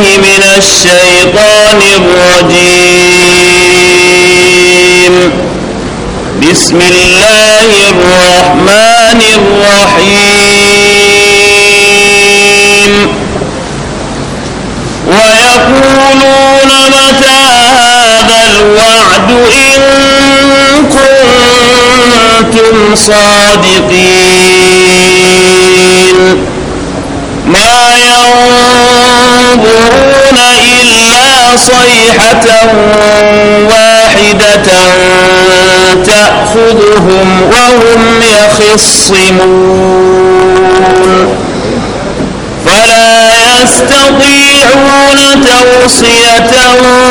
بالله من الشيطان الرجيم بسم الله الرحمن الرحيم ويقولون متى هذا الوعد إن كنتم صادقين صيحة واحدة تأخذهم وهم يخصمون فلا يستطيعون توصية ولا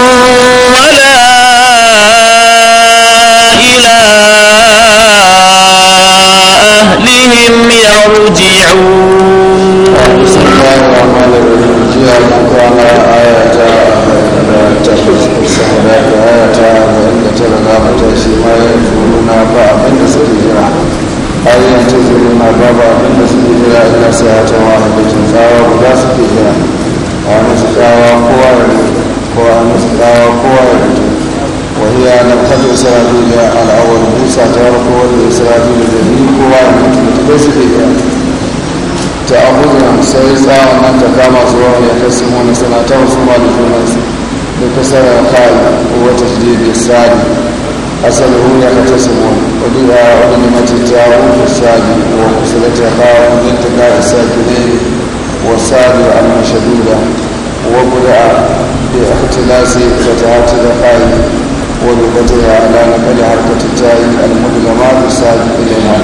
إلى أهلهم يرجعون بسم الله الرحمن الرحيم talaki aya ta arba'in da tara za mu tashi ma ya na ba abin da suke jira ai ya ce na ba ba abin da suke jira illa sai ya ta wani da cin tsawa guda suke jira a wani su tsawa kowa da ko a wani su tsawa kowa da rike wahiya na kan isra'ila al'awar musa ta warko wanda isra'ila da ni kowa da mutum da dai suke jira ta abubuwan sai tsawon nan ta kama zuwa ya kasu wani sanatar su ma da junansu بكسر الخاء وتشديد الساد يا ختسم وبها علمت التعاون في الساد وكسرت خاف من التقاء الساكنين والساد مشدودة وبدع باختلاس فتحات الخاء ولغتها على نقل حركة التاي التاء في بالساد إليها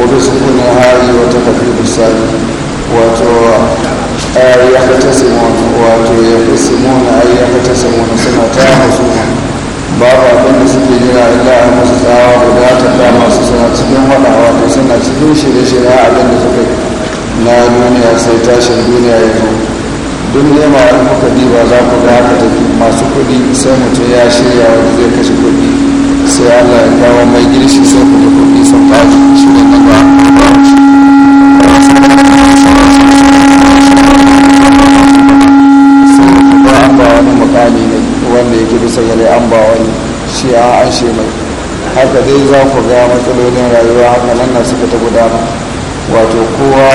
وبسكون الهاء وتخفيف الساد وتوى yaktasimun wato yaktasimun ay yaktasimun suna ta husuma babu abin da suke jira illa a musu tsawa guda ta dama masu suna cikin wada wato suna cikin shirye-shirye abin da suka na duniya sai tashin duniya ya zo duk nema in kuka ba za ku ga haka tafi masu kuɗi sai mutum ya shirya wanda zai kashe kuɗi sai allah ya kawo mai girshi sai kuɗi kuɗi sun ba shi da ba ba shi sai ba wani mukami ne wanda yake bisa gare an ba wani shi a an she mai haka dai za ku ga matsalolin rayuwa haka nan na suka ta gudana wato kowa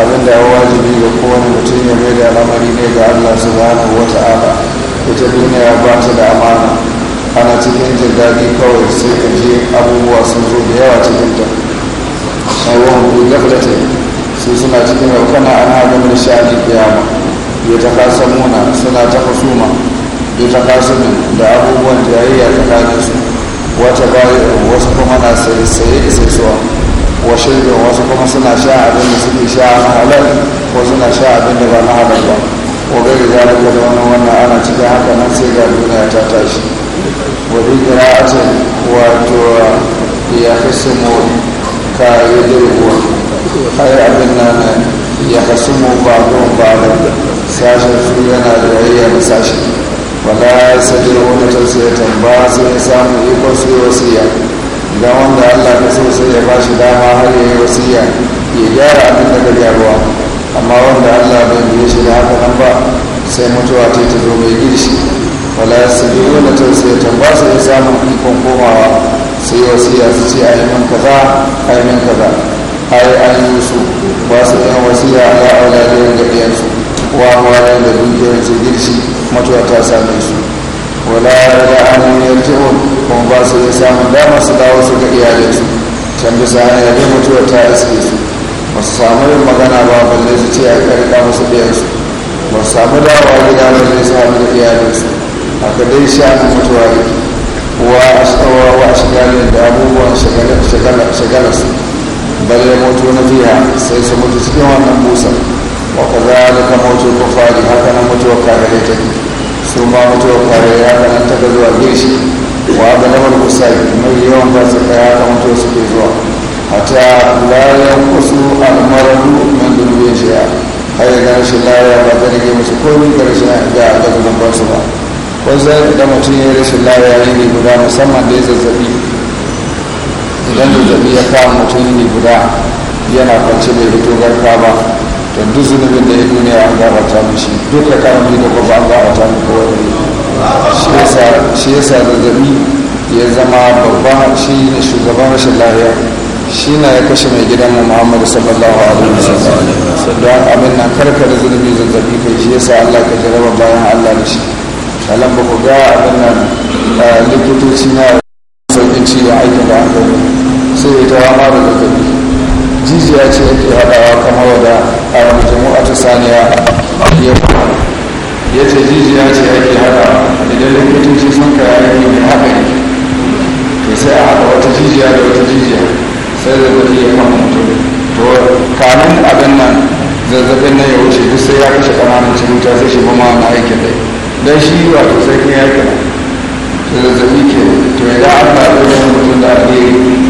abin da wajibi ga kowane mutum ya mai da al'amari ne ga allah subhanahu wata ala ita duniya ba ta da amana ana cikin jin daɗi kawai sai ka je abubuwa sun zo da yawa cikin ta sauran ku gaflatin sai suna cikin raukana an haɗa mai shaƙi kiyama ya ta kasa muna suna ta ma ya ta kasu min da abubuwan jayayya kane su wata bayi wasu kuma na sai sai sai suwa wa shaidar wasu kuma suna sha abin da suke sha a halal ko suna sha abin da ba na halal ba ko gari da ga da wani wannan ana cikin haka nan sai ga duniya ta tashi wani kira'atin wato ya fi samuwa ka yi dirguwa ai abin nan ya kasu mu ba don ba da sashen su yana da yayyar sashe. wala sajin wani tausayatan ba sai samu ikon su yi wasiya wanda allah ka so sai ya ba shi dama har ya yi wasiya ya gyara abin da ka gyaruwa amma wanda allah bai biye shi da haka nan ba sai mutuwa ta ta zo mai girshi wala sajin wani tausayatan ba sai samun ikon komawa sai wasiya su ce a yi min kaza a yi min kaza ai an yi su ba su ɗan wasiya ala auladiyar da su wa amwalan da dukiyar su girshi matuwa ta same su wala da an yarji'un kuma ba su iya samun dama su dawo su ga su can bisa hanyar da matuwa ta iske su ba su samu yin magana ba balle su ce a karka musu su ba su samu dawa gida balle su hannu da iyalinsu aka dai a matuwa yake wa a shigalin da abubuwan shagalarsu balle moto na fiha sai su mutu cikin wannan busar wa moto ko fari haka nan mutuwa kafirai take su ma mutuwa ya ga nan taga zuwa girshi wa ga lamar kusari mai yawan ba su kai haka mutuwa ke zuwa hatta la yanqusu al-maradu min dunya shay'a hay ga rashin laya ba ta rage musu komai ga rashin ga ga zuban ba ko zai da mutum ya rashin lafiya ne guda musamman da ya zazzabi idan zazzabi ya kama mutum ne guda yana kwanci mai fito garka ba to duk zunubin da ya duniya an gabata mishi duka duk da ba an gabata mu kawai shi yasa zazzabi ya zama babban shi ne shugaban rashin lahiya shi na ya kashe mai gidan mu muhammadu sallallahu alaihi wasallam don abin na karkar zunubi zazzabi kai shi yasa allah ka jaraba bayan allah da shi alam ba ku ga abin nan eh, likitoci na sauƙin ciwon aikin da aka yi sai ya jawa mara da zabi jijiya ce yake hadawa kamar wadda a mutum a ta saniya ya fara ya ce jijiya ce yake haɗawa idan likitoci sun kaya yake mai ne to sai a haka wata jijiya da wata jijiya sai da zabi ya kama mutum to kamin abin nan zazzabin nan ya wuce duk sai ya kashe kananan cikin ta sai shi ba ma na aikin dai dan shi ta sai yaki yakin zazzabi ke to ya ga Allah ya mutum da alheri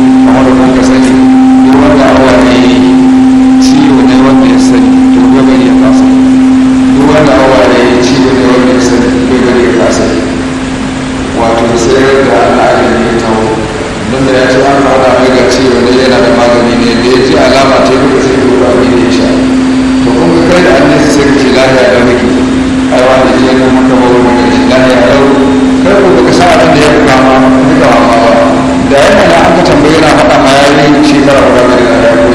ce wani yana da magani ne da ya ji alama ta duka sai ko ba mai da sha to kai da annabi sai ka ce lafiya da miki ai wani wani shi lafiya kai ko baka sa abin da ya ba da tambaye na faɗa ma ya yi shekara guda da ya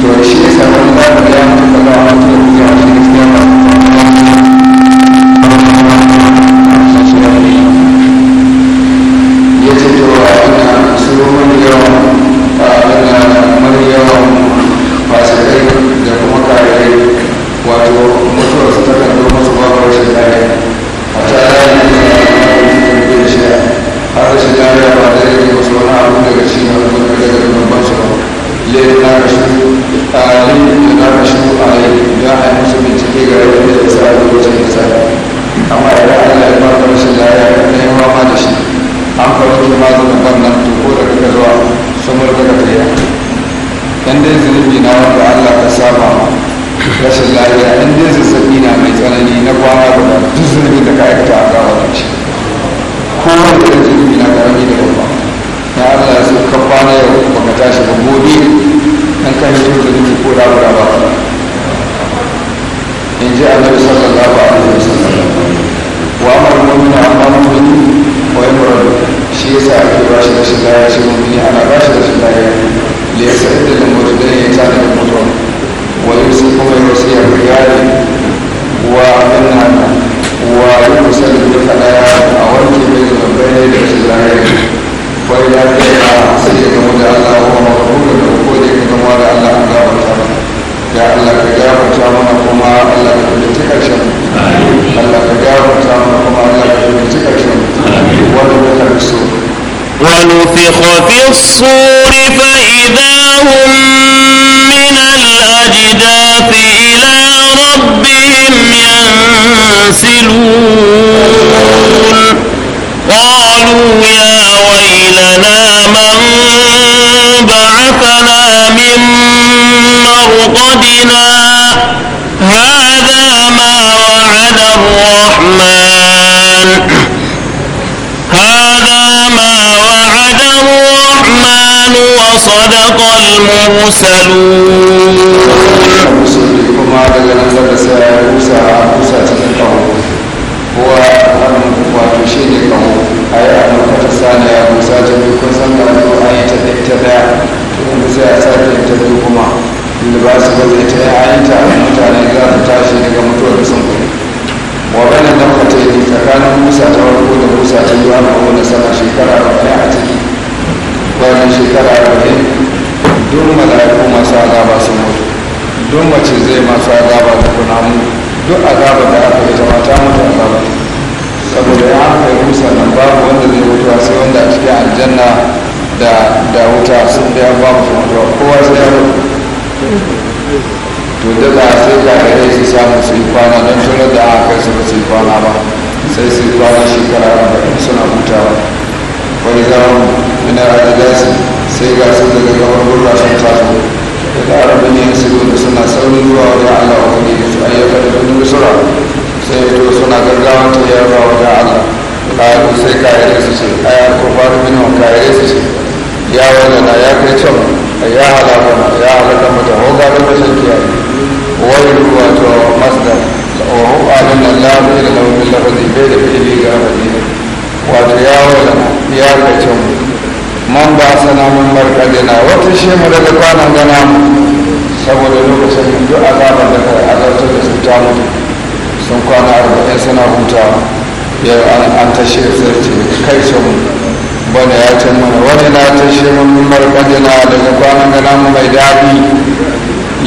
to shi ya samu da ya mutu domin yawan kamar yawan fasirai da kuma karirai wato mutuwar su takan zo musu babu rashin lafiya a tare da yanayi da shi har rashin lafiya ba da yi musu wani abu daga cikin wani daga zunuban su ba lai na rashu a lai na rashu a lai ya hain musu bincike ga rabu da sa da wajen da sa amma idan allah ya ba rashin lafiya ne ma da shi an farko ma ban nan dai zunubi na wanda Allah ka saba rashin lafiya in dai zazzabi na mai tsanani na kwana guda duk zunubi da ka aikata a gawa shi kowane irin يعملون ce zai masu azaba da mu duk azaba da aka yi ta mutu a azaba saboda ya haka yi nan babu wanda zai wuta sai wanda a cikin aljanna da da wuta sun da ya ba musu mutuwa kowa sai ya mutu to da za a sai ka gare su samu su yi kwana don tunar da aka kai su ba su yi kwana ba sai su yi kwana shekara arba'in suna hutawa wani gawan da adadasi sai ga su daga gaban gurbashin sun da arabin yin da suna saurin zuwa wajen allah wani da su ayyuka da bin sura sai ya to suna gaggawa ta yarwa wajen allah kayan sai kayan su ce ayan kofar wa kayan su ce ya ya kai can ya halaka ya halaka mata hoga da mashin kiyaye wani ruwa to bai da ga rafin wato ya ya kai can man ba sana min markadina wata shi mu daga kwanan gana mu saboda lokacin a azabar da kai zarta da su ta mutu sun kwana arba'in suna huta yau an tashe zarce kai sun bane ya ce mana wani na tashe mun min markadina daga kwanan gana mu mai daɗi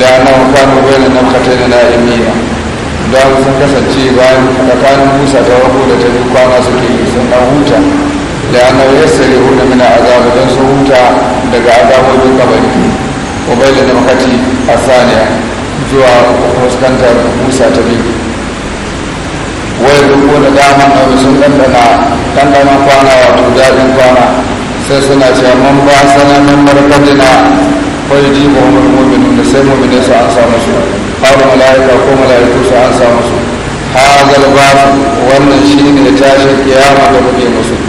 la'anar kwanu bai na kata na imiya don sun kasance bayan tsakanin musa ta rabu da ta duk kwana suke sun ɗan huta da na da hudu mina azabu don su huta daga azabobin kabari ubai da makati a saniya zuwa fuskantar musa ta biyu wai duk da daman na wasu ɗanɗana ɗanɗana kwana wato daɗin kwana sai suna cewa man ba sanannen marfadina kwai ji ba wani mumini da sai mumini su an samu su haɗu mala'ika ko mala'iku su an samu su ha ba wannan shi ne tashin kiyama da kuke musu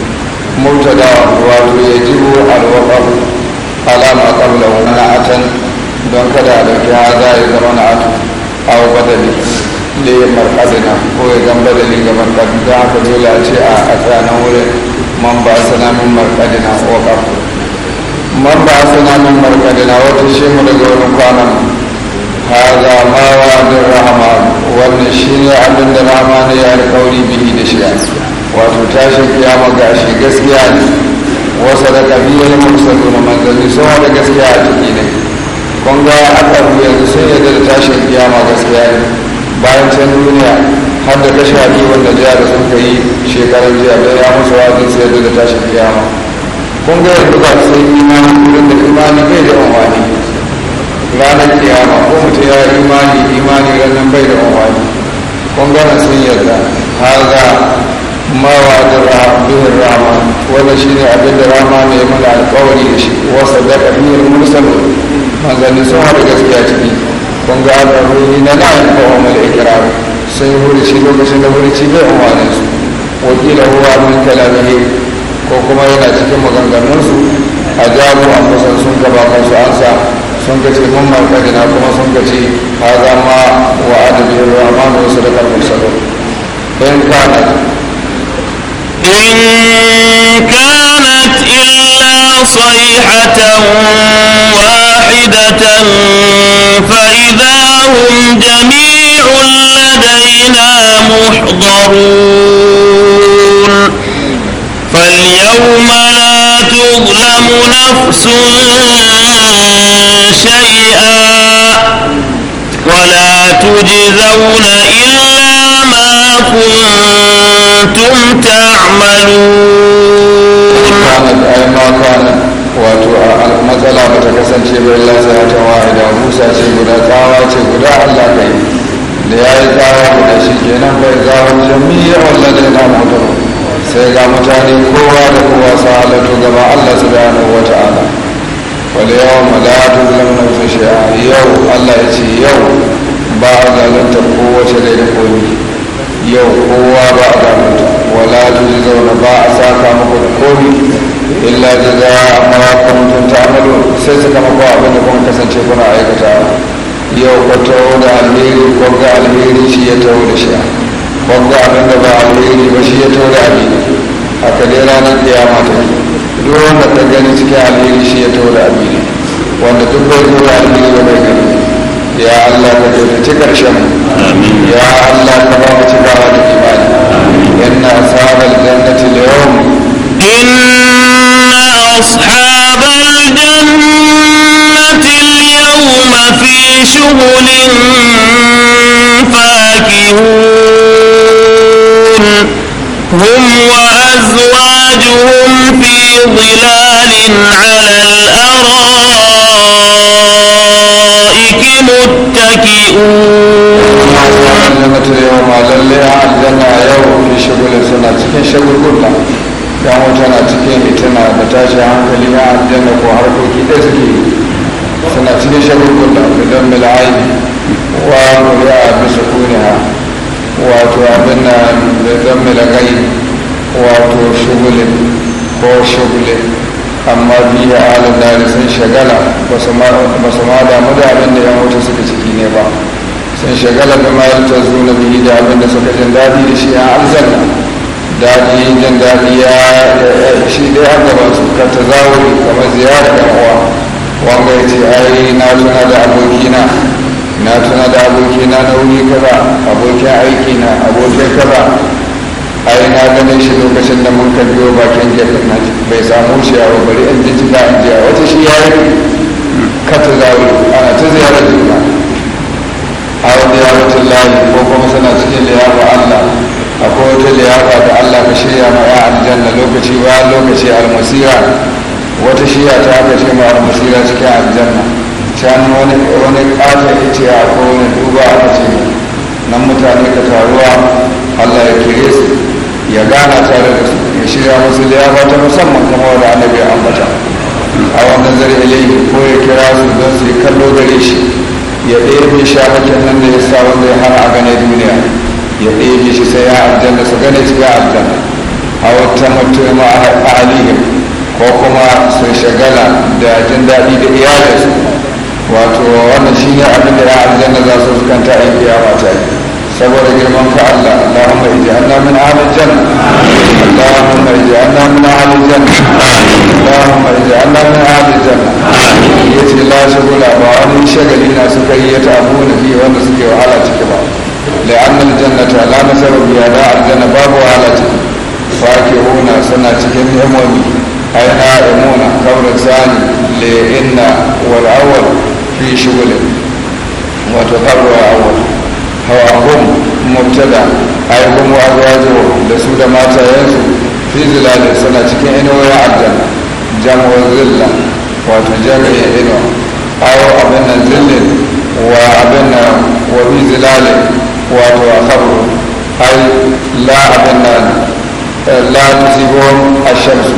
mubtada wato ya jibu alwaqaf alama qabla a can don kada da ya haza ya zama atu a badali da ya na ko ya zama badali ga markadi don haka dole a ce a tsanan wurin man ba sanamin min na waqaf man ba sanamin min na wata shi mu daga wani kwanan haza mawa wa rahama wannan ne abin da ne ya alƙawari bihi da shi a wato tashin kiyama gashi gaskiya ne wasu da kabilar musulmi na manzanni sun haɗa gaskiya a ciki ne kun ga akan yanzu sun yadda da tashin kiyama gaskiya ne bayan can duniya har da kashe haɗi wanda jiya da sun kai shekarar jiya don ya musu wajen sai da tashin kiyama kun ga yanzu ba sai imani wurin da imani bai da amfani ranar kiyama ko mutum ya imani imani ranar bai da amfani kun gana sun yarda har ma wa rama wannan shi ne abin da rama ne mana alkawari da shi wasa da ƙabiyar mursalu manzanni sun haɗa gaskiya ciki kun ga al'aruri na na yin kawo mai ikirar sun yi hurici lokacin da hurici bai umarnin su wakila huwa min kalamihi ko kuma yana cikin maganganunsu a jaru an kusan sun gabatar su ansa sun ka ce mun markadina kuma sun ka ce ha zama wa adadin rahmanu wasu da kalmar salo bayan kana إن كانت إلا صيحة واحدة فإذا هم جميع لدينا محضرون فاليوم لا تظلم نفس شيئا ولا تجزون إلا kasance bai lasa ta da musa ce guda tsawa ce guda allah kai yi da ya yi tsawa guda shi kenan bai zawon jami'a wallace na mutu sai ga mutane kowa da kowa sa halatu gaba allah su gano wata ala wale yawan malatu zama na shi'a yau allah ya ce yau ba a zalanta kowace da ya komi yau kowa ba a zalunta wala tuzi zaune ba a saka muku da komi illa jaza amma kuntum ta'malu sai suka mako abin da kuma kasance kuna aikata yau ko tawo da alheri ko ga alheri shi ya tawo da shi ko ga abin da ba alheri ba shi ya tawo da alheri a kade ranar kiyama ta duk wanda ta gani cikin alheri shi ya tawo da alheri wanda duk bai zo da alheri ba bai gani ya Allah ka ci karshen ya Allah ka ba mu cikawa da imani inna ashabal jannati al-yawm أصحاب الجنة اليوم في شغل فاكهون هم وأزواجهم في ظلال على الأرائك متكئون علمت اليوم على اللي يوم في شغل سنة شغل كله dan tana cikin cike tana da tashi hankali a aljanna ko harkoki da suke suna cikin shagugun da don mil'ayi wa su bi sukuniha wato abin na don mil'ayi wato shugulin ko shugulin amma biya alin da sun shagala ba su ma damu da abin da yan wuta suka ciki ne ba sun shagala da ma ta zuwa bihi da abin da suka jin daɗi da shi a aljanna daɗi jin daɗi ya shi dai har gaban su ka ta zawuri kamar ziyara da uwa wanga ya ce ai na tuna da abokina na tuna da abokina na wuri kaza abokin aiki na abokin kaza ai na ganin shi lokacin da mun ka biyo bakin gefen na bai samu shi a bari in ji da in ji a wata shi ya yi ka ta zawuri ana ta ziyarar juna a ya yawancin layi ko kuma suna cikin liyafa allah akwai wata liyafa da allah ka shirya ma ya aljanna lokaci bayan lokaci almasira wata shiya ta aka ce ma almasira cikin aljanna can wani wani ya ce a wani duba aka ce nan mutane ka taruwa allah ya kire su ya gana tare da su ya shirya musu liyafa ta musamman kuma wanda annabi ambata a wannan zari ilayhi ko ya kira su don su yi kallo gare shi ya ɗaya mai shahakin nan da ya sa wanda ya hana a gane duniya ya ɗebe shi sai ya aljanna su gane shiga aljanna a wata mutum ma alihim ko kuma sun shagala da jin daɗi da iyalinsu wato wannan shi ne abin da ya aljanna za su kanta a kiyama ta yi saboda girman ka Allah Allahumma ij'alna min halin janna Allahumma ij'alna min halin janna Allahumma ij'alna min halin janna yace la shugula ba wani shagali na suka yi ta abu na fi wanda suke wahala ciki ba da annal jannata la nasaba ya da aljanna babu wahala ciki fakihuna suna cikin himomi ai na'imuna kawai zani le inna wal awwal fi shughulin wato kawai awwal hawa hum mubtada ai hum wa azwajuhum da su da mata yanzu fi zilali suna cikin inuwa aljanna jam'u zilla wato jami'in inuwa awo abin nan zillin wa abin nan wa fi zilalin wato a sabro ai la abin nan eh, la a ashamsu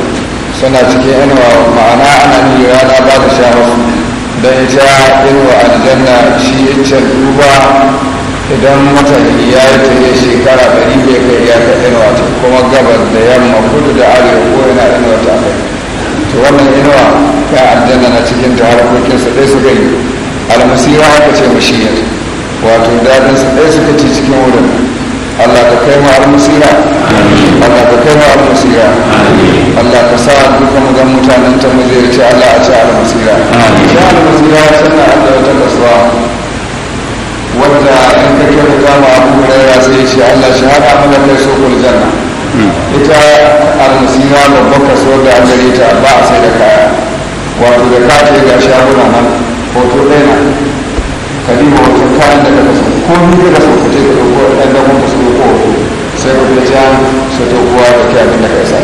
suna cikin inuwa ma'ana ana ni na ba da sha wasu don ita inuwa aljanna shi yaccen duba idan mutane ya yi yi shekara ɗari bai kai ya ka inuwa ta kuma gabar da yamma kudu da arewa ko yana inuwa ta kai to wannan inuwa ya aljanna na cikin ta harkokinsa ɗaya su gani almasira haka ce mashiyar wato dadin su ɗaya suka ci cikin wurin allah ka kai mu almusira allah ka kai mu almusira allah ka sa duka magan mutanen ta ce allah a ci almusira ci almusira sanna allah taɓa suwa wadda in ka kyauta ma abu ya sai ce allah shi hada mana kai sokul janna hmm. ita almusira babbar kaso da an gare ta ba a sai da kaya wato da ka ce ga shaguna nan hoto ɗaya ka diba wajen kayan da ka ko ni ka so ka ce ka dauko ɗan dagon ka so ko wato sai ka fi jan su daukowa da kai da ka isa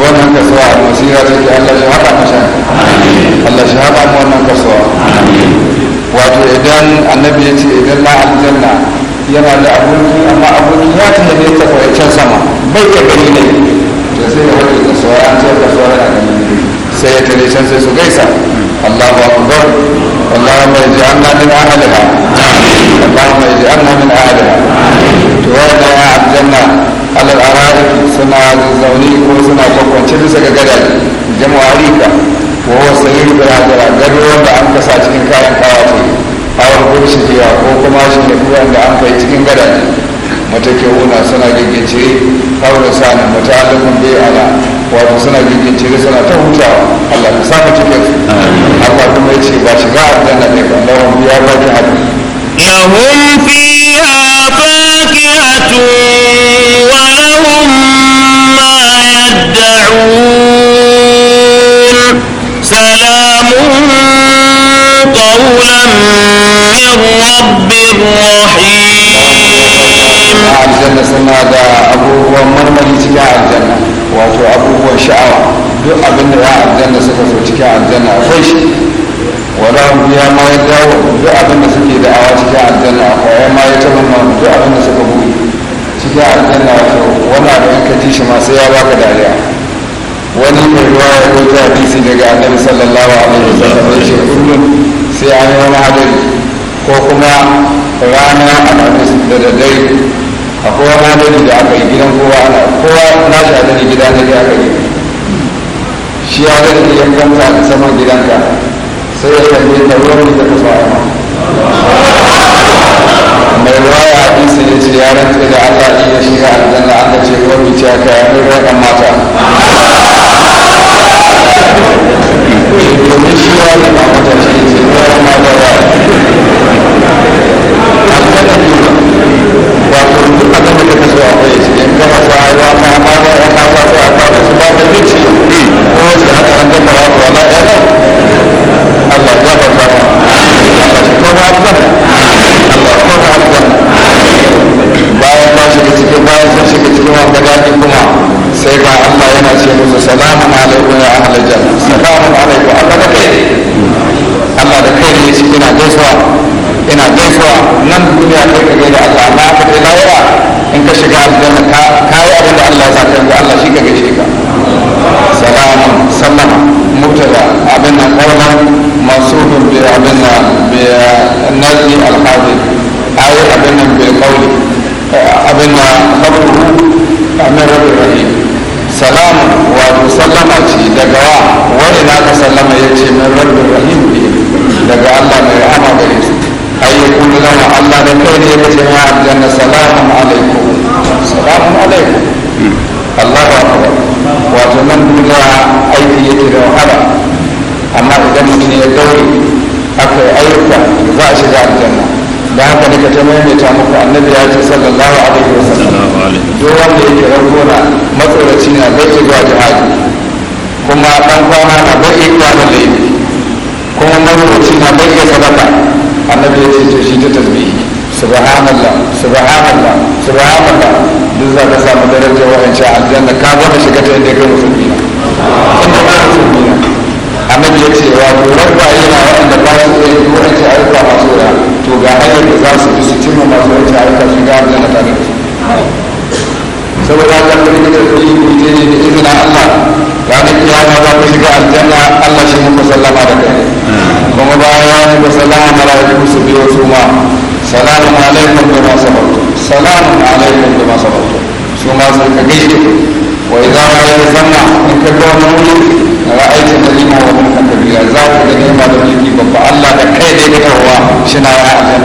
wannan kasuwa a masira ta ke allah shi haɗa masha allah shi haɗa mu wannan kasuwa wato idan annabi ya ce idan na aljanna yana da aboki amma aboki ya ta da ta can sama bai ya gani ne da sai ya wani kasuwa an ce kasuwa yana gani ne sai ya tare can sai su gaisa Allahu akbar Allahumma ij'alna min min to wanda ya aljanna alal araik suna zauni ko suna kwakwance bisa ga gada jama'arika wa gado wanda suna suna gigice haura sani alamun bai ala wato suna da suna ta huta Allah ka saka cikin su Allah kuma ya ce ba shiga aljanna ne ba lahum biya ba da hadu lahum fiha fakihatun wato abubuwan sha'awa duk abin da ya aljanna suka so cikin aljanna akwai shi wani abu ya ma ya dawo duk abin da suke da'awa cikin aljanna akwai ya ma ya taɓa ma duk abin da suka buɗe cikin aljanna wato wani abu ka ji shi ma sai ya baka dariya wani mai ruwa ya ɗauki hadisi daga annabi sallallahu alaihi wa sallam shi kullum sai an yi wani hadari ko kuma rana alhamis da daddare A akwai wani adadi da aka yi gidan kowa ana kowa na shi adadi gida ne da aka yi shi ya adadi da ya kanta a saman gidanka sai ya tambaye da wurin da ta fara ma mai waya hadisi ne ce ya rantsa da Allah ne ya shiga da aka ce wani ce aka yi mai rakan mata domin shi ya yi mamata shi ne ce rakan mata ba aljanna ne ka so a kai shi in ka fasa ya a ma ma a ka fasa ya ka fasa ba ka kici ko shi haka an gama wa na ya ba Allah ya ba ba ko ba ba Allah ko ba ba bayan ba shi cikin bayan sun shiga cikin wanda gadi kuma sai ga Allah yana ce musu salamun alaikum ya ahlal janna salamun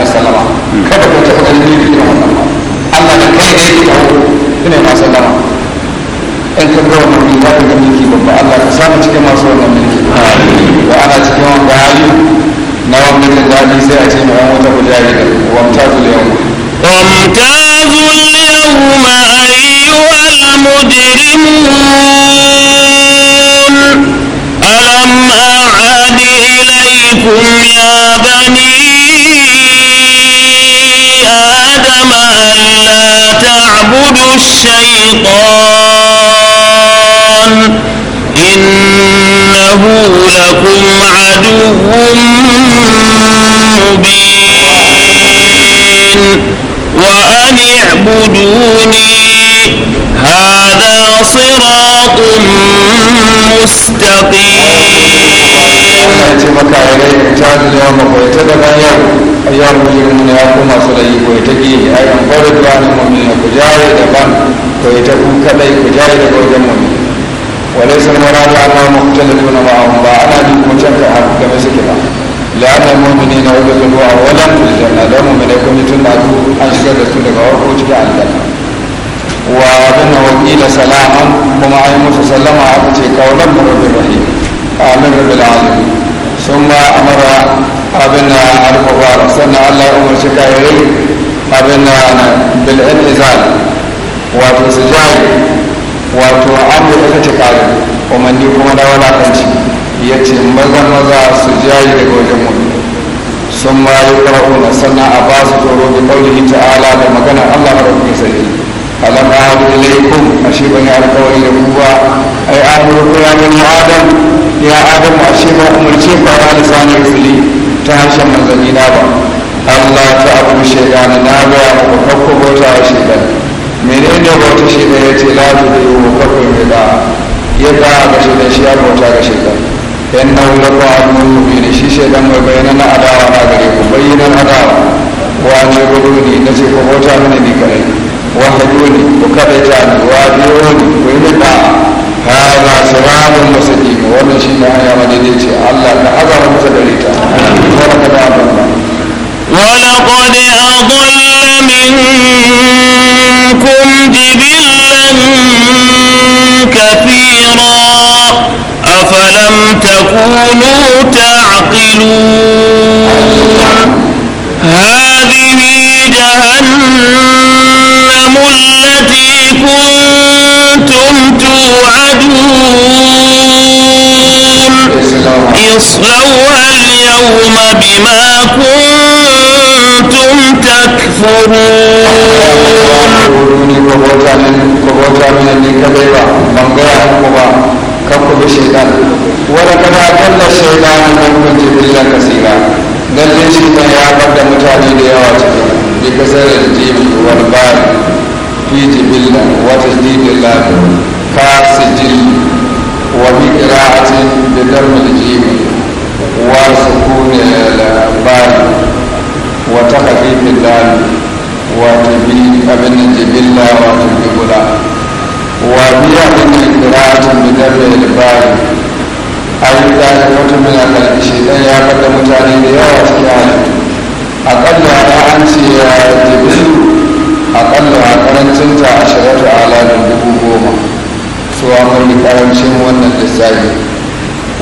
alaihi wasallama kada ka taɓa ganin yin irin wannan ba Allah da kai ne ya taho ina ma sallama in ka ga wannan littafin da mulki babba Allah ka samu cikin masu wannan mulki da ana cikin wanda hali na wannan da dadi sai a ce mu yan wata guda ne wamtazul yawm wamtazul yawma ayyuhal mujrimun alam a'adi ilaykum ya bani ألا تعبدوا الشيطان إنه لكم عدو مبين وأن اعبدوني هذا صراط مستقيم ayyar mujir a ya kuma sarai ko ita ke ya yi an kwarar da wani mummin ku jari da ban ko ita kun kadai ku jari da gogon mummi wani sun mara da ana mutane da wani ma'amu ba ana bi mutum ka haka game su kila la'anar mummi ne na wajen zuwa a wajen tuzar na don mummi ne kuma tun da su an shigar da su daga wani ko cikin aljanna wa abin da wani da salaman kuma an yi musu sallama aka ce nan da rabin rahim a amin rabin alamu sun ba amara abin na sannan allah ya umarci kayayi abin na bil'in izal wato su jari wato an da ta ci kare umarni kuma da wadatanci ya ce maza maza su jari daga wajen mu sun ma yi ƙara'una sannan a ba su tsoro da ƙaunin ta'ala da magana allah da kuma sarki alam ahadu ilaikum ashe ban yi alkawari da ku ba ai ahadu ya bani adam ya adam ashe ba umarci ba da lisanin fili. ta harshen manzanni na ba Allah ta abu shaidana na gaya muku kakko bauta wa shaidan menene bauta shaidan ya ce la tu da yiwu kakko mai da ya da ga shaidan shi ya bauta ga shaidan yan na abu mai mubini shi shaidan mai bayyana adawa na gare ku na adawa wa ce guduni na ce ko bauta mini ni kare wa ko ku kaɗaita ni wa biyo ni ku yi da da'a هذا صراط مستقيم wannan shine hanya madaidaici Allah ka azama masa gare ta ولقد أضل منكم جبلا كثيرا أفلم تكونوا تعقلون هذه جهنم التي كنتم توعدون اصلوها اليوم بما كنتم تكفرون kanku bi shaitan wani kada kalla shaitan minkum jibrila kasira lalle shaitan ya bada mutane da yawa cikin bi kasar jibi wal bari كاسجل وفي قراءة الجيم وسكون البال وتخفيف الدال وتبي ابن جبلة وتبيبلا وفي أبن قراءة بدم البال ayyuka ya mutu min akalbi shi dan ya يا mutane da yawa cikin hali akalla ya lissafi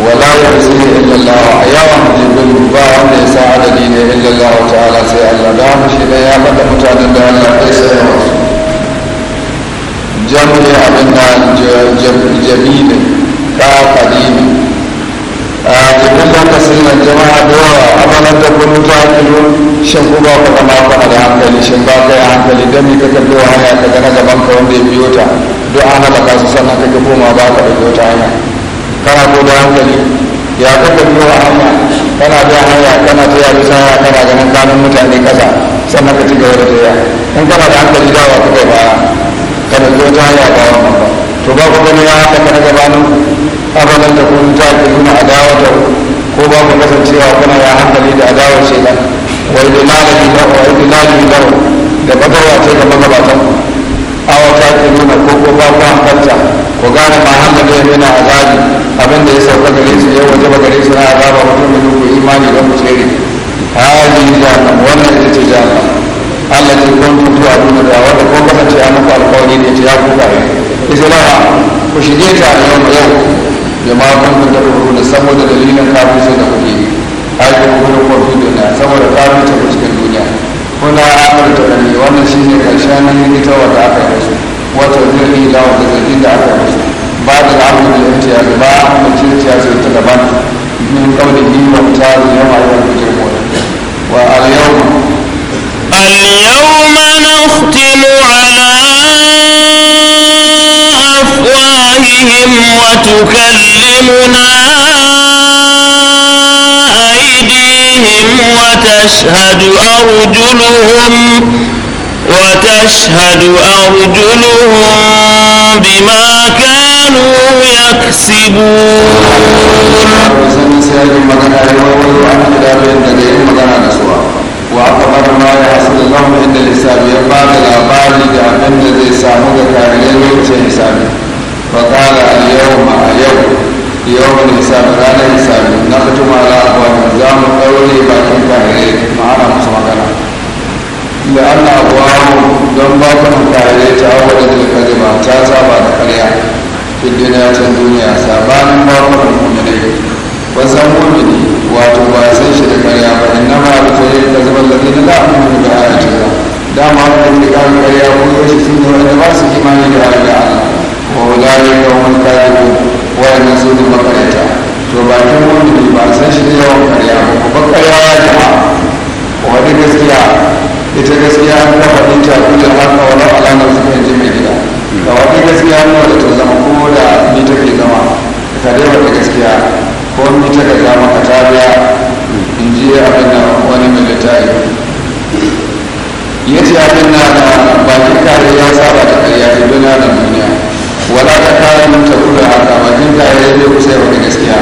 wala ya fi sai illallah a yawan hadibin ba wanda ya sa adadi ne illallah ta'ala sai allah da mu shi ya bada mutanen da allah ya sa yawa su abin da jam'ini ka kadimi a cikin ka nan jama'a da yawa a amanar da kun mutane ne shan ku ba ku zama kuna da hankali shan ba ka yi hankali don mi ka kalli hanya ka gana gaban ka wanda ya biyo ta duk an da kasu sannan kake koma ba ka da biyo ta hanya kana ko da hankali ya kaka biyo a hanya kana biya hanya kana taya bisa hanya kana ganin kanun mutane kasa sannan ka ci gaba da taya in kana da hankali dawa ka kai baya kada zo ta hanya ba wannan ba to ba ku gani ya haka na gabanin abadan da kun ta ke nuna adawa da ko ba ku kasancewa kuna ya hankali da adawar shaidan wa idilali lahu wa idilali lahu da bagarwa ce ga magabatan awa ta nuna ko ko ba ku hankalta ku gane ma hamadu ya yana azabi abin da ya sauka gare su ya waje ba gare su na azaba wa kuma ku imani don ku tsere jana, jahannam wannan ita ce jana. Allah ce kun tutu a duniya da wanda ko kasance ya muku alkawari da ita ya kuka yi islaha ku shige ta a yau yau jama'a kun kunta da saboda dalilin kafin sai da kuke ai kuma kun kunta da saboda kafin ta cikin duniya kuna amur da kare wannan shi ne karshen rikitarwa da aka yi musu wata zirni da wata zargi da aka yi musu ba da amur da yanci ya gaba amur da yanci ya ce ta daban min kawai ni wa ta zai yawa yawan da ke mora wa al-yau اليوم نختم على أفواههم وتكلمنا أيديهم وتشهد أرجلهم وتشهد أرجلهم بما كانوا يكسبون وعقبر ما يحصل لهم عند الحساب يبعد الأبعاد لأبن الذي سامو ذكر إليه وجه حسابه فقال اليوم اليوم Yau yawon hisabi ranar hisabi na mutum ala abuwa za mu ɗaure bakin kare ma'ana musu magana da ana abuwa don bakunan kare ta awwada da kalima ta saba da karya fi duniya can duniya sabanin bakunan mummune wasan mummune wato ba san shi da karya ba inna ma ba ta yi da zubar lafi na la'amun da ayatullah dama wanda ke kan karya ko yaushe su ne wanda ba su imani da ya ayyuka ulani yawon kajibu wayannan su ne makarita to bakin wani ba san shi da yawan karya ba ku ba karya ya jama'a wani gaskiya ita gaskiya an kafa ɗinta kujan haka wani alamar suka yanzu mai gida ga wani gaskiya an da ta zama ko da ni take zama ka dai wata gaskiya ko ni ta ka zama ka ta biya in je abin da wani mai ta littafi ya ce abin na bakin kare ya saba da karya ta duniya da duniya wala ta kayan nan ta kula haka bakin ta yi zai kusa yau da gaskiya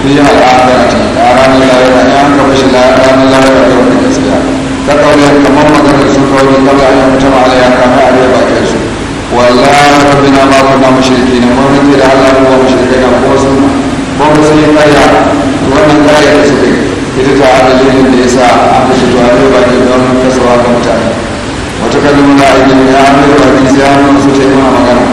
fi al'ada a cikin a ranar lahira ya an gaba shi ranar lahira da wani gaskiya ta kawo kamar maganar su kawai kaga an yi mutum ala ya kama a rai bakin su wallahi rabbina ma kuma mushriki ne mun rike da Allah ko mushrike na ko sun ko sun yi karya wannan karya da suke ita ta adalilin da ya yasa an kashe to a rai bakin don kasawa ga mutane wata kalmar da ake ya rai bakin sai an musu ce mana magana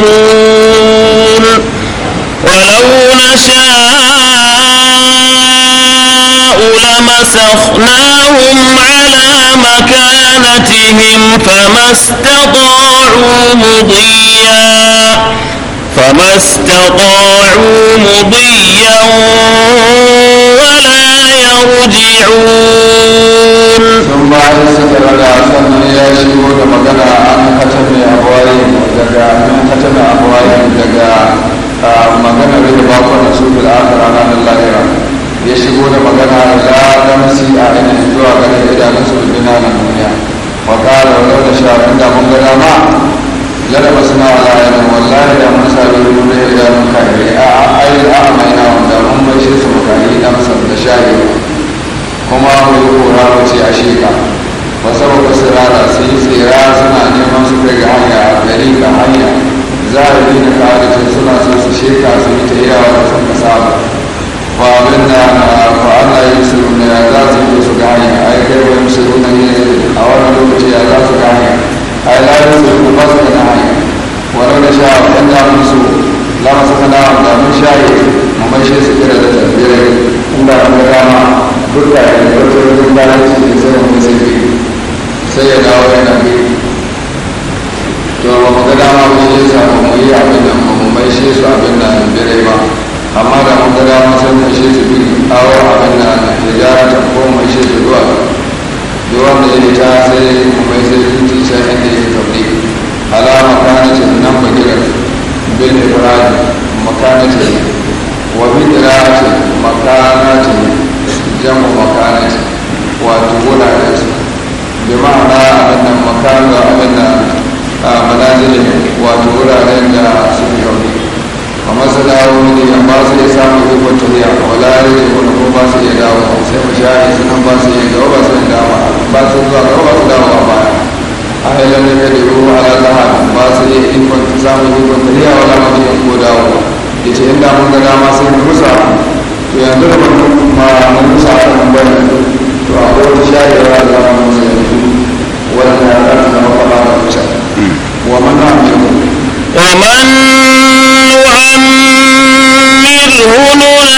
Daddy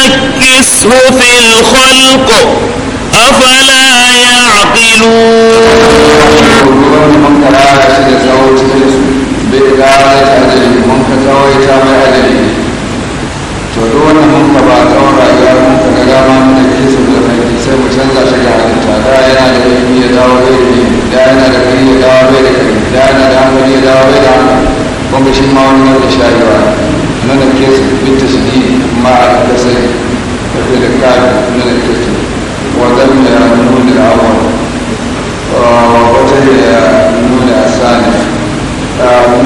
ونمكسه في الخلق أفلا يعقلون to duk wanda mun ka ba tsawon rayuwa mun ka ga dama mun da kisu da kai sai mu canza shi ga halitta da yana da ilimi ya dawo bai da ilimi da yana da kai ya dawo bai da kai da yana da hankali ya dawo bai da hankali kuma shi ma wani da shayewa non è chiesto بالتسديد مع الكسر في الكعب من الكسر ودمع النون الأول وفتح النون الثاني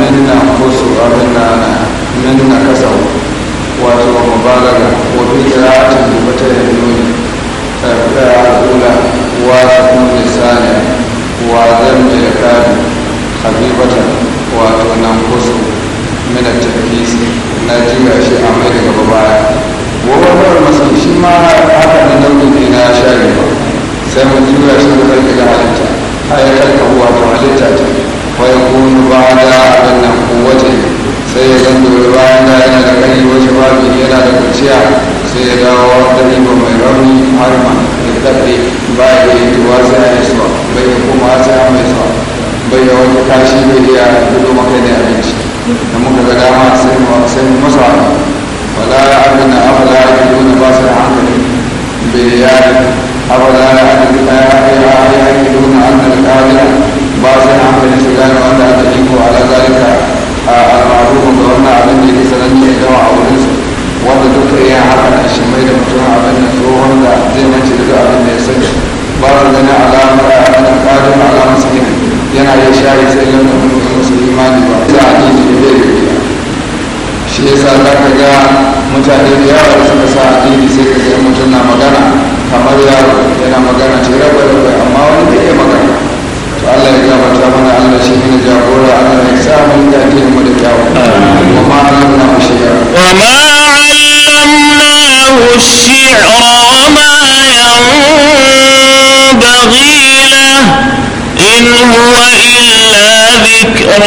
من أنفسه ومن من كسر واتوا مبالغة وفي قراءة بفتح النون الأولى وتكون الثانية وذنب الكعب خفيفة واتوا ننقصه mina tafis na jira shi a mai daga gaba baya wawan rawar masu shi ma haka na nau'i ne na share ba sai mun jira shi da karfi da halitta a ya karka kuwa ta halitta ta wai kunu ba da abin nan kowace sai ya zan dole bayan da yana da kari wace babu yana da kurciya sai ya dawo da riba mai rauni har ma da tafi ba ya yi tuwa sai a yi suwa bai kuma sai a mai suwa bai da kashi bai iya gudu makai da abinci يتمك بلا سلم وسلم مصعب ولا يعلمنا افلا يجدون باس عنك بريال افلا يجدون عنك الاله باس عنك لسلام وانت تجيك على ذلك آه، المعروف ظننا عليه لسلام يجمع او رزق وانت تكفي يا حسن الشمائل مجمع بين الفروع وانت زي ما تشرك على ابن يسجد باس لنا على امر على مسكين ينعي شاي سيدنا من المسلمين yasa za ka ga mutane da yawa da suka sa addini sai ka ga mutum na magana kamar yaro yana magana ce rabai rabai amma wani bai iya magana to Allah ya gabata mana Allah shi ne jagora Allah ya sa mu da addinin mu da kyawu wa ma alamna mu shi'a wa ma allamnahu shi'a wa ma yanbaghi lahu in huwa illa dhikrun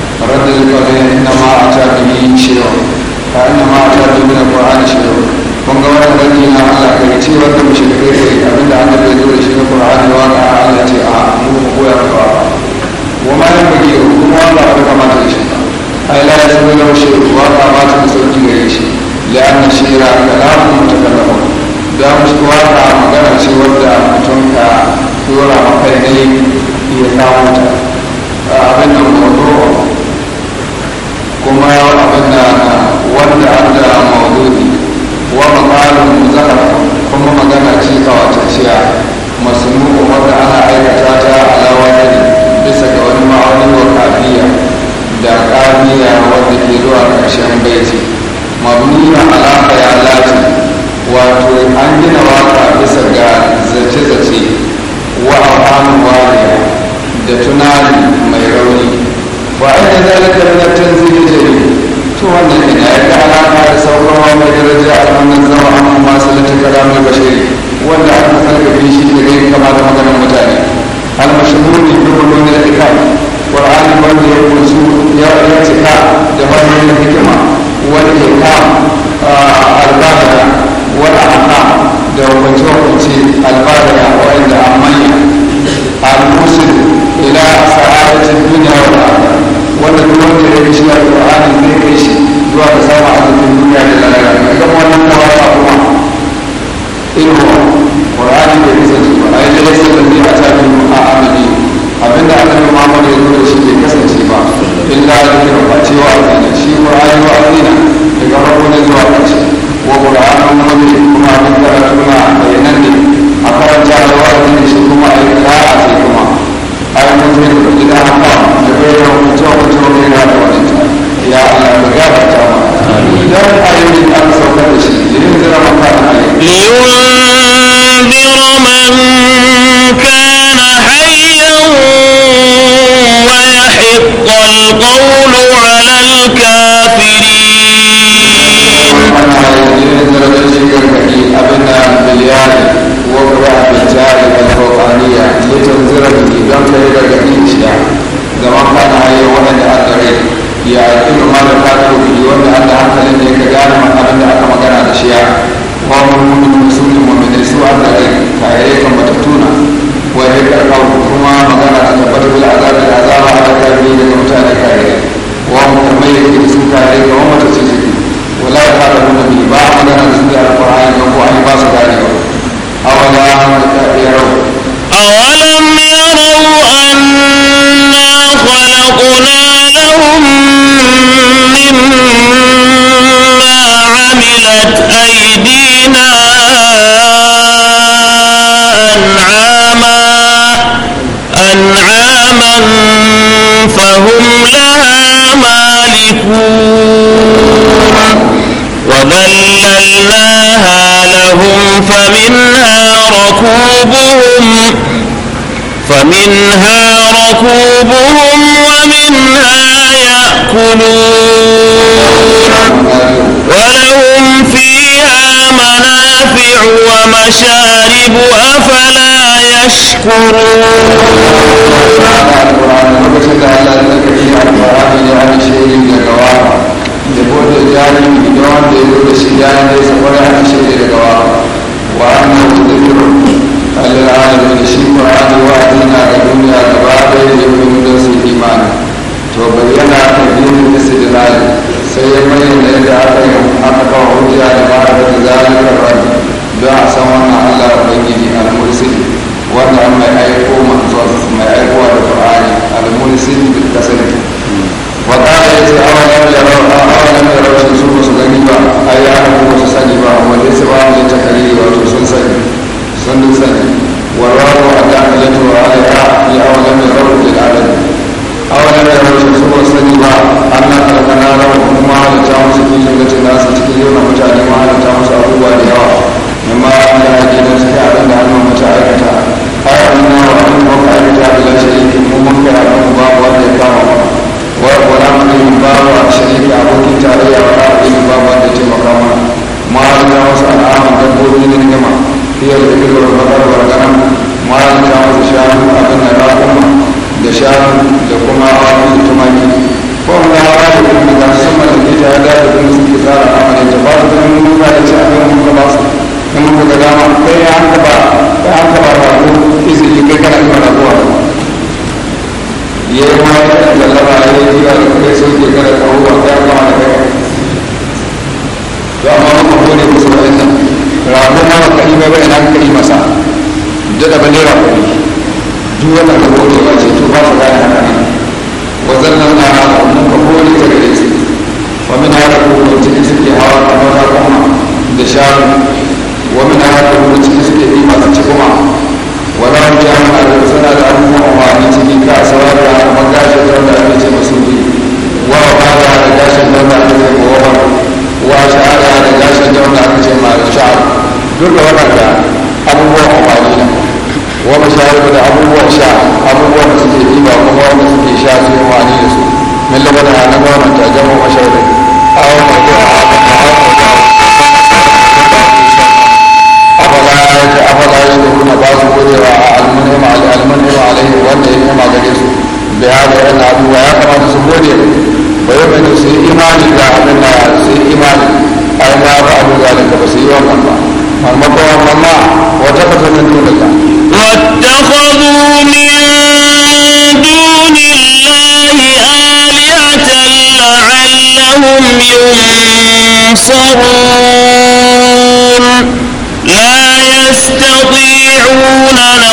رد القبيل إنما أتى به شيء فإنما أتى به من القرآن شيء kun ga wannan rage na Allah daga ce wanda mu shiga kai kai abin da Allah bai zo da shi na Qur'ani wa ka a mu mu koya ba wa ma da kake kuma Allah ba kamata da shi ai la da mun shi wa ka ba ta sauki gare shi la an shira kalamu mutakallamu da mu shi wa ka magana ce wanda mutum ka dora maka ne ya kawo ta abin da mu ko kuma abin da wanda da maududi wa maqalun muzahar kuma magana ce kawatacciya nuku wanda ana aikata ta alawa ne bisa ga wani ma'auni wa kafiya da kafiya wanda ke zuwa ƙarshen baiti alaƙa ya lati wato an gina waka bisa ga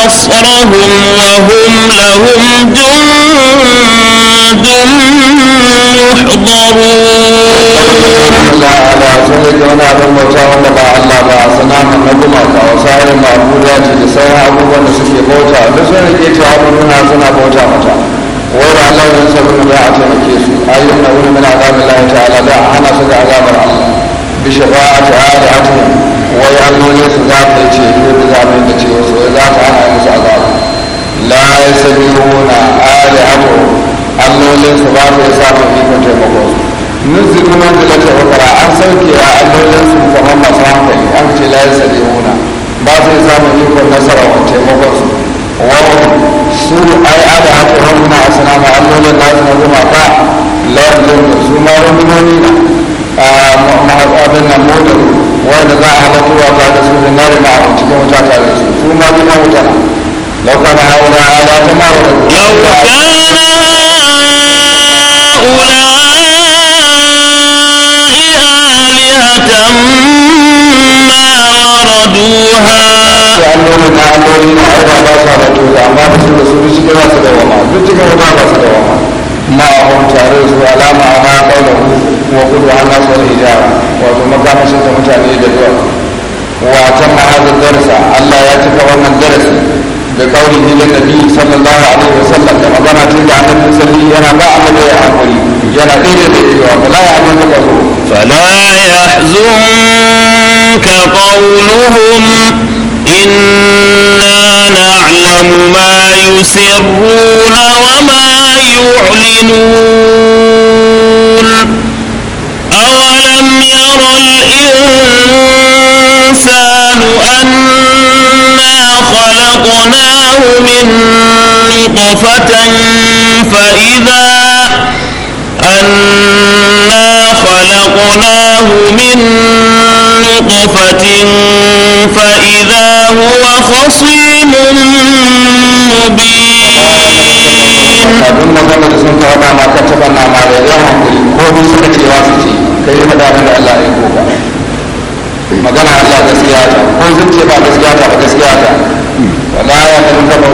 نصرهم وهم لهم جند محضرون wanda Allah ya sabu da a taimake su ayyun na wani mana azamin Allah ta'ala da hana su da azabar Allah bi shafa'ati wai allolin su za ka ce ne da za ka ce wasu wai za ka hana musu azaba la ya sabi hona ali abu allolin su ba ka sa ka yi kan taimako su nuzi kuma da lati wakara an sauke a allolin su kamar masu hankali an ce la ya sabi hona ba su yi samun ikon nasara wa taimakon su wawan su ai ada haka wani na asina ma allolin nasu na gumaka lafiyar su ma wani na Ah, abin nan mota wanda za a haɗa tuwa ba da su da nari na cikin wuta ta da su ma bi na wuta na lauka na haula ala ta ma wuta lauka na alloli na aida ba su haɗa معهم tare su alama a ma kaunahu wa kudu an nasu wani hijara wato makamashin da mutane da duwa wa can ma hada darasa allah ya cika wannan darasi da kaunin hila nabi sallallahu alaihi wa sallam da magana ce da annabi salli yana ba a mada ya hankali yana daidai da cewa fala ya hankali ka zo fala ya zunka kaunuhum إنا نعلم ما يسرون وما يعلنون أولم ير الإنسان أنا خلقناه من نطفة فإذا أنا خلقناه من نطفة فإذا فإذا هو خصيم مبين abin magana da wa su ce kai magana Allah gaskiya ta ko ba gaskiya ta ba gaskiya ta wala ya kan ta ba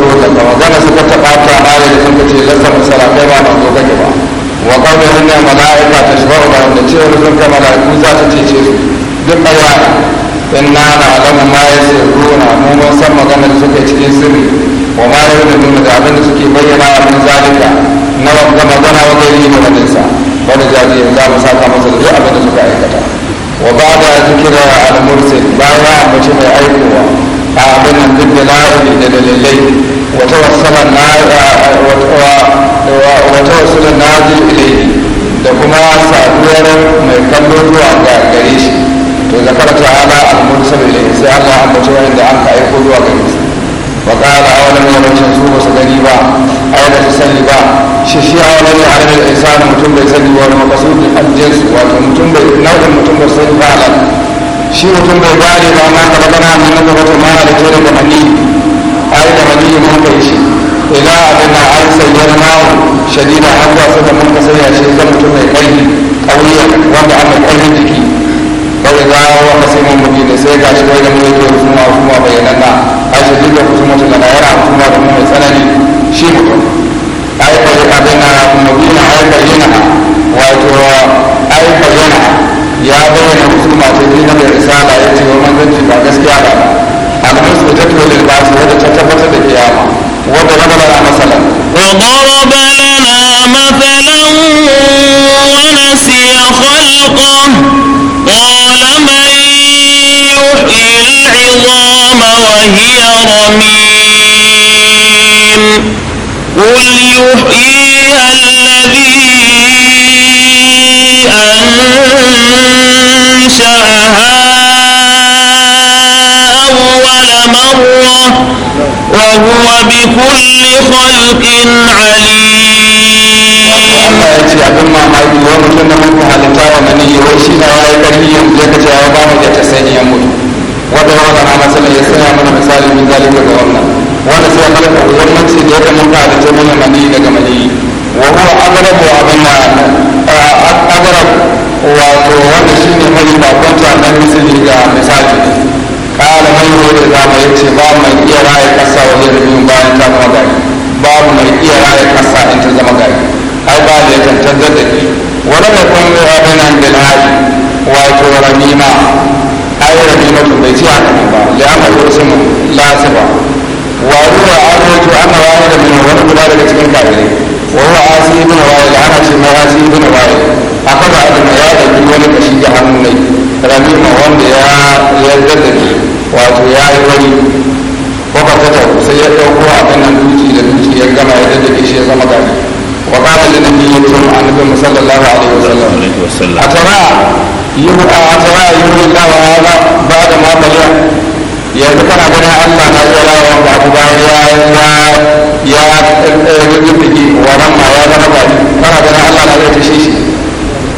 magana suka ta bata ma da sun ce lasa musala kai ba manzo ba wa malaika da cewa sun ka malaiku za ta ce su duk ayyana inna na alamu ma ya sirruna mu mun san maganar da suke cikin sirri wa ma ya yi da abin da suke bayyana a min zalika na wanda magana wanda yi da wadinsa wanda jaji yanzu za mu saka masa da abin da suka aikata wa ba da zikira al-mursil ba ya mace mai aikowa a abin da duk da la'ari da dalilai wata wasalan na na zai ilai da kuma saduwar mai kallon zuwa ga gare shi to zakar ta'ala al-mursal ilayhi sai Allah ya ambaci wanda an ka aiko zuwa Ba ka wa qala ne yawancin su ba su gani ba ai ba su sani ba shi shi wani ya harin al-insan mutum bai sani wa wani maqsudin al-jins wato mutum bai nau'in mutum bai sani ba alam shi mutum bai gane ba ma ka magana mun ga wata ma da ke daga mani ai da mani mun kai shi ila a yi sayyar nawo shadida har da su da mun ka sanya shi zan mutum mai kai kauye wanda an mai kai jiki kawai ta hawa ka sai mun mutu da sai gashi kawai وبكل خلق عليم abin mamaki wa mutum da muka halitta wa mani yawai shi na waye karfi yanzu ya a ya ba mu da tasani ya mutu wanda wanda na masala ya sanya mana misali min zalika ga wannan wanda sai halaka wannan ce da muka halitta mana daga mani wa huwa agarabu abin wato wanda shine mai bakonta nan ga misali mai da zama ya ce ba mai iya raya kasa wani rubin bayan ta zama gari ba mai iya raya kasa in ta zama gari ai ba da ya tantantar da ke wani mai kwanne rabinan bilhaji wato ramima ai ramima tun bai ce haka ba liyama ko sun ba wa ruwa an rojo ana wani da mai wani guda daga cikin kafirai wa ruwa asi ibn wa'il ana ce mai asi ibn wa'il a ba da mai ya ɗauki wani kashi ga hannu ne ramima wanda ya yarda da ke wato ya yi wani kwakwatata sai ya ɗauko kan nan duki da duki ya gama ya daddake shi ya zama gari wa kama da nabi ya tun annabi musallallahu alaihi wasallam a tara yi a tara yi mu da ya ba da ma ya yanzu kana gani allah na zuwa lawa ba abu ba ya ya ya rikiki wa ramma ya zama gari kana ganin allah na ya tashe shi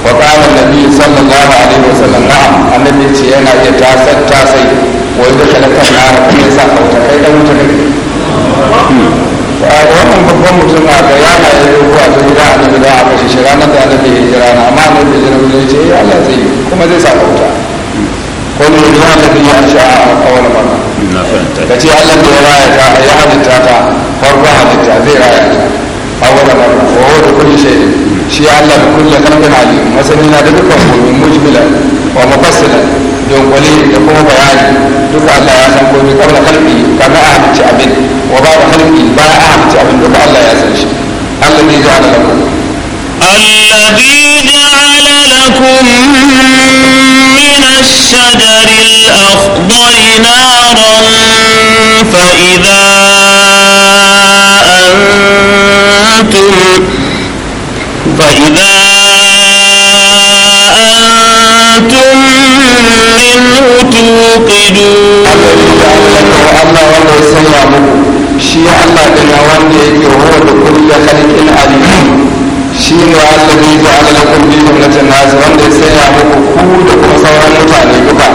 wa kama da nabi sallallahu alaihi wasallam na'am annabi ce yana iya tasar tasai wai da na ya sa a kai dan wuta kake hmm. wannan babban mutum na ga ya na yi rubuwa ta gida a nan gida a kashe shi ranar da ana bai hijira na amma nan bai jira ya ce ya eh, Allah zai kuma zai sa wuta ko ne ya ta bi ya a kawai mana ka ce Allah da ya raya ta ya halitta ta farko halitta zai raya ta a wani mana ko da kulli shaidin shi Allah da kulli kalbin alim masani na da dukkan gobe mujmila wa mufassilan dunkule da kuma bayani duka Allah ya san komai kabla khalqi kana a halicci abin wa ba da khalqi ba a halicci abin duka Allah ya san shi Allah ne ya ala lakum الذي جعل لكم من الشجر الأخضر نارا فإذا أنتم فإذا توقدون الله ولا يسلم شي wanda yake horo da kullu khalqin alim shi ne ya saya muku ku da kuma sauran mutane duka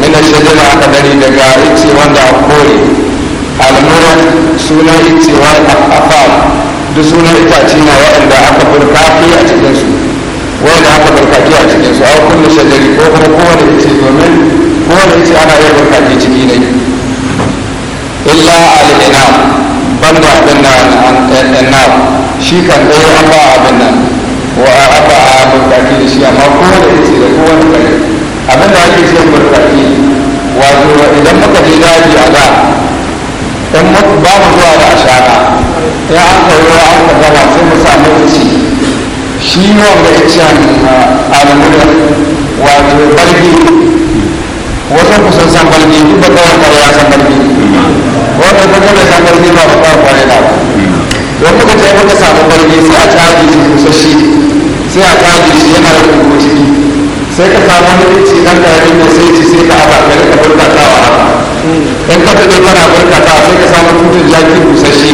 min ashjara aka dari daga ice wanda a sunan itace na waɗanda aka burka a cikin su wanda aka barkaci a cikin su a kullum shajari ko kuma kowane ce domin kowane ce ana iya barkaci ciki ne illa al'ina da abin da eh, ina shi kan ɗaya an ba abin nan wa a ba a barkaci da shi amma kowane ice da kowane kare abin da ake ce barkaci wato idan muka je daji a da shi wanda ya ce al'amura wato balbi wasu kusan san balbi duk da kawai kawai ya san balbi wanda kuma da san balbi ba ba kawai kawai na don kuka ce kuka samu balbi sai a caji shi kusashi sai a caji shi yana da kuma ciki sai ka samu wani ci dan karami ne sai ci sai ka haɗa ka rika ta haka in ka ta dai kana ta sai ka samu tutun jaki shi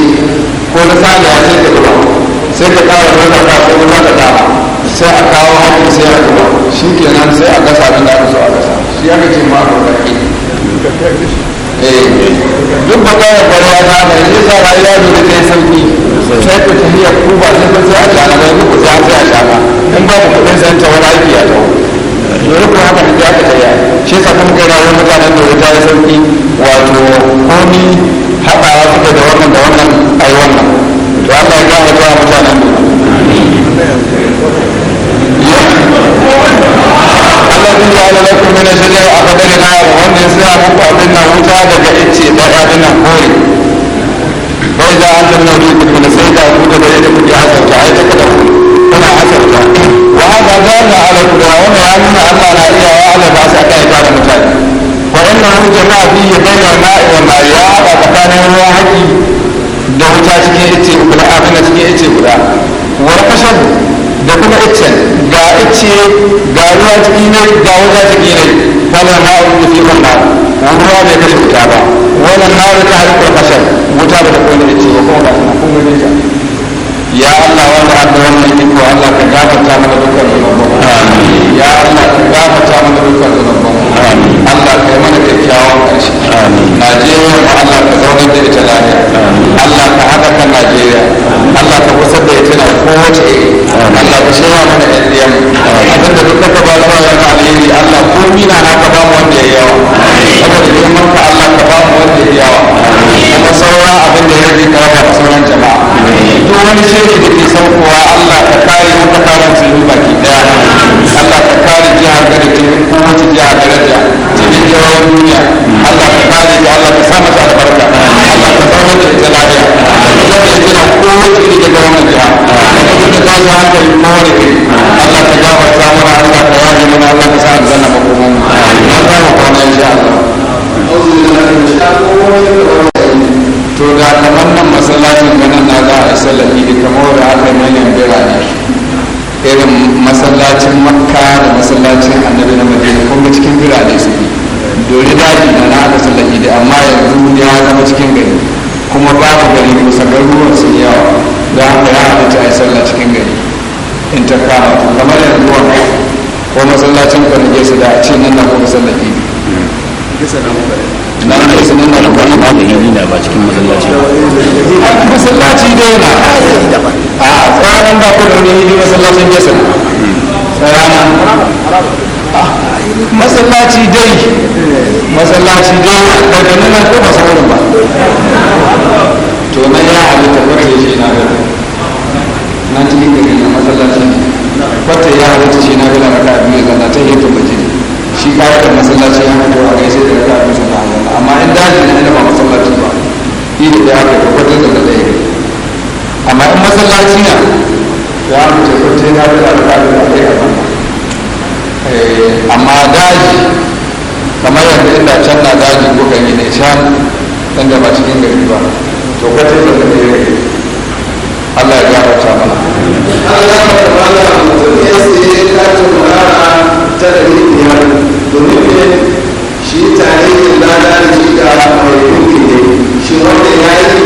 ko na sa ya sai ka zuba sai ka kawo wani sarrafa ko wani ta da sai a kawo hakin sai a kuma shi kenan sai a gasa abin da aka so a gasa shi aka ce ma ko baki eh, duk ba kawai barwa na da yi sa rayuwa da ta yi sauki sai ku ta hiyar ku ba sai kun sai a shana ba ku ta sai a shana in ba ku kudin sai ta wani aiki a tawo yanzu ku haka da aka tsaye shi sa kuma kai rayuwar mutanen da wuta ya sauki wato komi haɗawa suka da wannan da wannan ai wannan ya sa ya kama tsawa mutanen Allah ya yi lalaka mana shirya a kadari na yau wanda ya sa muku abin na wuta daga ice da ya dina kore. Bai za a da wuta da yadda kuke asarta a yi ta kada kuna asarta. Wa ba za a ala kuma wanda ya nuna Allah na iya wa Allah ba su aka yi tara mutane. Wa ina wuta na biyu bai da na'i wa mariya a tsakanin ruwa haƙi da wuta cikin ice guda abin da cikin ice guda wani kashan da kuma ice ga ice ga ruwa ciki ne ga wuta ciki ne wannan na abu fi wannan ruwa bai kashe wuta ba wannan na wuta har kuma kashan wuta ba da kuma ice ba kuma ga sunan kuma ya Allah wanda aka wannan iko Allah ka gafarta mana dukkan mu ya Allah ka gafarta mana dukkan zunuban Allah ka yi mana kyakkyawan ƙarshe Najeriya ma Allah ka zaunar da ita lafiya Allah ka haɗa kan Najeriya Allah ka kusar da ita na kowace Allah ka shewa mana ƴan ɗiyan abinda duk ka ba zuwa yana alheri Allah ko mina na ka ba mu wanda ya yawa saboda neman ka Allah ka ba mu wanda ya yawa kuma sauran abin da ya rage wani shirki da ke saukowa Allah ka kare mu ka kare musulmi baki daya Allah ka kare jihar gare cikin kowace jihar daraja cikin jawar duniya Allah ka kare ta Allah ka sa mata albarka Allah ka zama da ita lafiya Allah ka jira kowace iri daga wannan jiha da ta sa haka yi kowane iri Allah ka gafarta mana Allah ka yaje mana Allah ka sa aljanna makomanmu na kama kwana insha Allah. kamar nan masallacin ganin na za a isa lafi da kamar da haka manyan birane irin masallacin makka da masallacin annabi na madina kuma cikin birane su ne dori daji na na aka sallafi da amma yanzu ya zama cikin gari kuma babu gari kusa garuruwan sun yawa a haka ya halatta a yi sallah cikin gari in ta kama ku kamar yanzu wani ko masallacin kwanage su da a ce nan na kuma sallafi kisa na mutane na na isa nan na kuma ba da yi na ba cikin masallaci masallaci da yana a ranar ba ku da wani hili masallacin jasa masallaci dai masallaci dai daga nuna ko ba sauran ba to na ya halitta wata ya ce na gada na cikin gari na masallaci wata ya halitta ce na gada raka biyu da ta yi tabbaci shi kawai da masallaci ya mutu a gaishe da raka biyu sana'a amma in daji ne ba masallaci ba yi ɗaya haka tabbatar da na ɗaya amma in masallaci na ya an ce sun ce na da ɗaya da ɗaya ba amma daji kamar yadda inda can na daji ko gani ne can da ba cikin gari ba to kwatar da na ɗaya Allah ya ta mana. Allah ya eh, ta mana mutum ya sai ya kace mara ta da biyar domin shi tarayyar lada da shi da ne shi wanda ya yi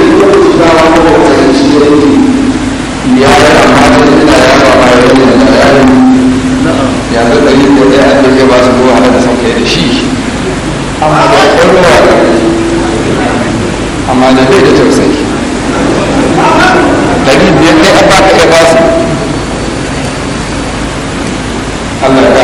ta wani kokarin shi ya yi da ina ya ba ba da ya yi ya ga ba su ko da sauke da shi amma da ƙwarwa amma da bai da tausayi ne ba ka ba su Allah ya